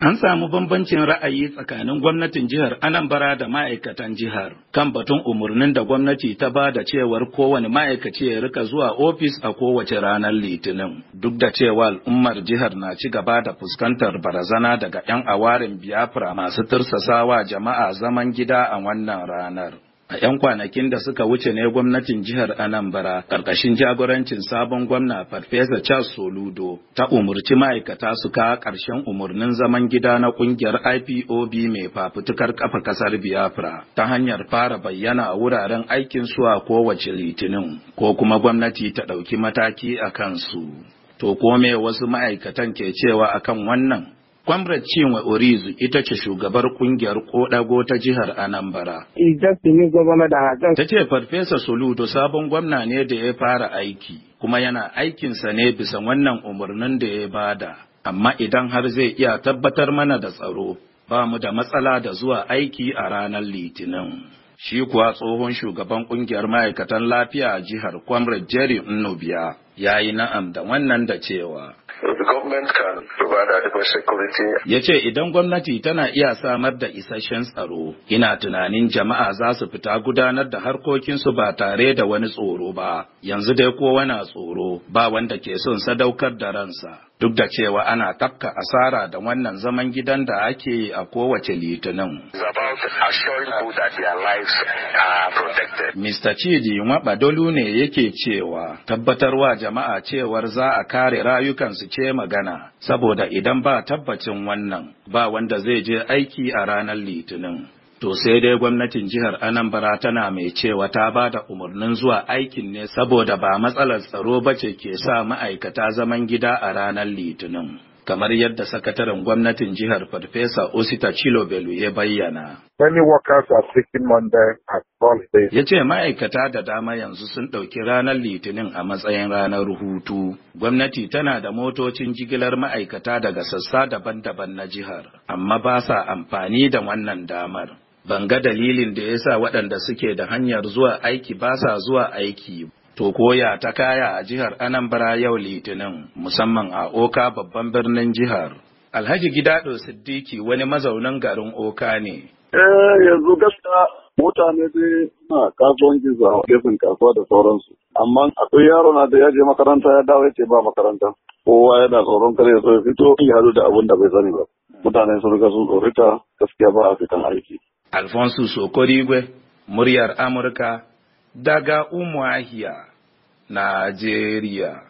An samu bambancin ra'ayi tsakanin gwamnatin jihar Anambra da ma'aikatan jihar kan batun umarnin da gwamnati ta ba da cewar kowane ma'aikaci ya rika zuwa ofis a kowace ranar Litinin. Duk da cewa al'ummar jihar na ci gaba da fuskantar barazana daga 'yan awarin Biafra masu tursasawa jama'a zaman gida a wannan ranar. a 'yan kwanakin da suka wuce ne gwamnatin jihar anambra karkashin jagorancin sabon gwamna farfesa charles soludo ta umurci ma'aikata su kawo ƙarshen umurnin zaman gida na ƙungiyar ipob mai fafutukar kafa ƙasar biafra ta hanyar fara bayyana a wuraren aikin su a kowace litinin ko kuma gwamnati ta ɗauki mataki a kansu to kome wasu ma'aikatan ke cewa akan wannan Kwamrat Chinwe Orizu ita ce shugabar kungiyar Kodago ta jihar Anambra. Ta ce Farfesa Soludo sabon gwamna ne da ya fara aiki, kuma yana aikinsa ne bisa wannan umarnin da ya bada. Amma idan har zai iya tabbatar mana da tsaro, ba mu da matsala da zuwa aiki a ranar Litinin. Shi kuwa tsohon shugaban kungiyar ma'aikatan lafiya a jihar Kwamrat Jerry Nnubiya ya yi na'am da wannan da cewa Ya ce idan gwamnati tana iya samar da isasshen tsaro, ina tunanin jama'a za su fita gudanar da harkokinsu ba tare da wani tsoro ba, yanzu dai kowa na tsoro ba wanda ke son sadaukar da ransa. duk da cewa ana tafka asara da wannan zaman gidan da ake yi a kowace litinin. Mr. Chidi Mabadolu ne yake cewa tabbatarwa jama'a cewar za a kare rayukansu ce magana saboda idan ba tabbacin wannan ba wanda zai je aiki a ranar litinin. To sai dai gwamnatin jihar Anambra tana mai cewa ta ba da umarnin zuwa aikin ne saboda ba matsalar tsaro ba ce ke sa ma'aikata zaman gida a ranar Litinin. Kamar yadda sakataren gwamnatin jihar Farfesa Osita Chilo ya bayyana. Many workers are taking Monday as Ya ce ma'aikata da dama yanzu sun ɗauki ranar Litinin a matsayin ranar hutu. Gwamnati tana da motocin jigilar ma'aikata daga sassa daban-daban na jihar, amma ba sa amfani da wannan damar. ban ga dalilin da ya sa waɗanda suke da hanyar zuwa aiki ba sa zuwa aiki to koya ta kaya a jihar anambra yau litinin musamman a oka babban birnin jihar alhaji gidado siddiki wani mazaunin garin oka ne eh yanzu gaskiya mutane dai na kasuwanci a gefen kasuwa da sauransu amma akwai yaro na da ya je makaranta ya dawo ya ce ba makaranta kowa yana tsoron kare ya fito ya hadu da abin da bai sani ba mutane sun riga sun tsorita gaskiya ba a fitan aiki Alphonsus Okorigwe, muryar Amurka daga Umuahia, Najeriya.